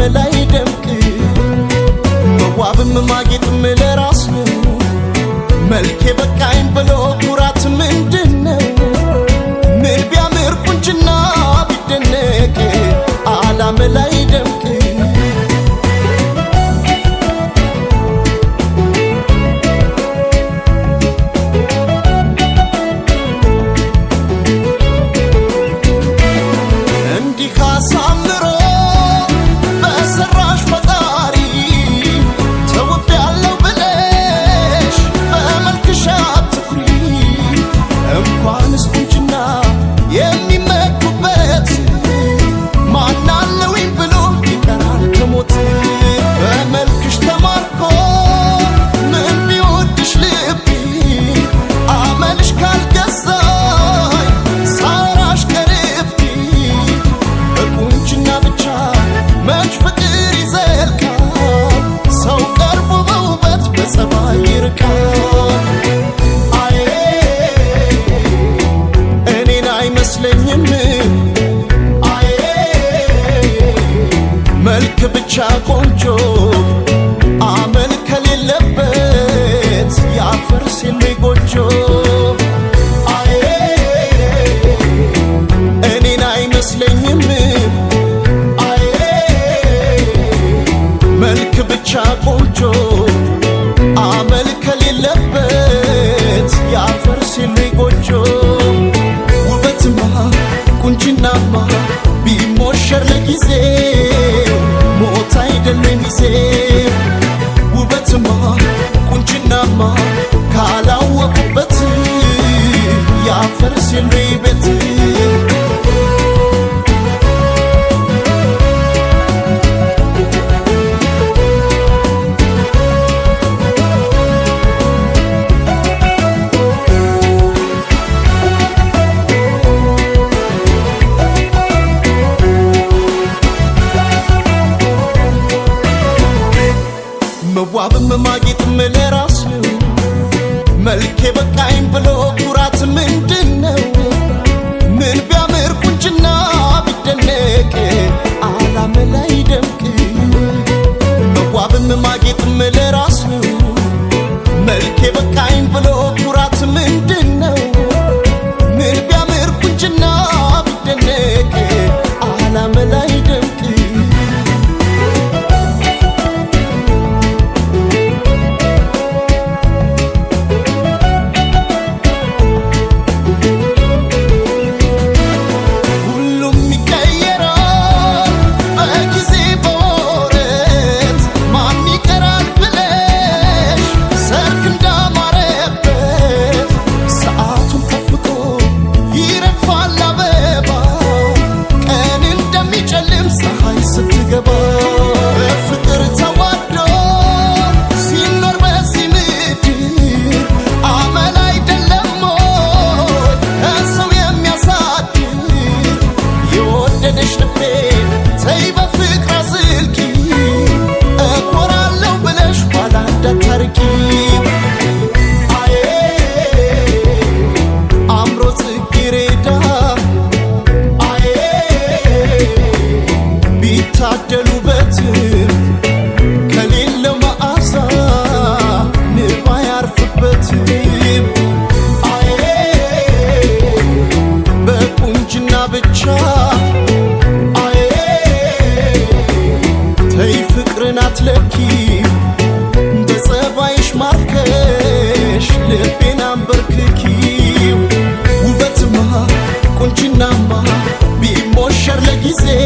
me la መልክ ብቻ ቆንጆ አመል ከሌለበት ያፈርስ ጎጆ እኔን አይመስለኝም መልክ ብቻ ቆንጆ አመል ከሌለበት ያፈርስ ጎጆ ውበትማ ቁንጅናማ ቢሞሸር ለጊዜ ገለሚሴ ውበትማ ቁንጭናማ ካላወቁበት ያፈርስ የለይ ቤት መልኬ በቃኝ ብሎ ኩራት ምንድን ነው? ምን ቢያምር ቁንጅና ቢደነቅ አላመ ላይ ደምቅ መዋብም ማጌጥም ለራስ ነው መልኬ በቃኝ የታደሉ በትር ከሌለው መዓዛ ንባ ያርፍበትም አይ በቁንጅና ብቻ አይ ተይ ፍቅርን አትለኪ በጸባይሽ ማርከሽ ልቤን አንበርክኪው ውበትማ ቁንጅናማ ቢሞሸር ለጊዜ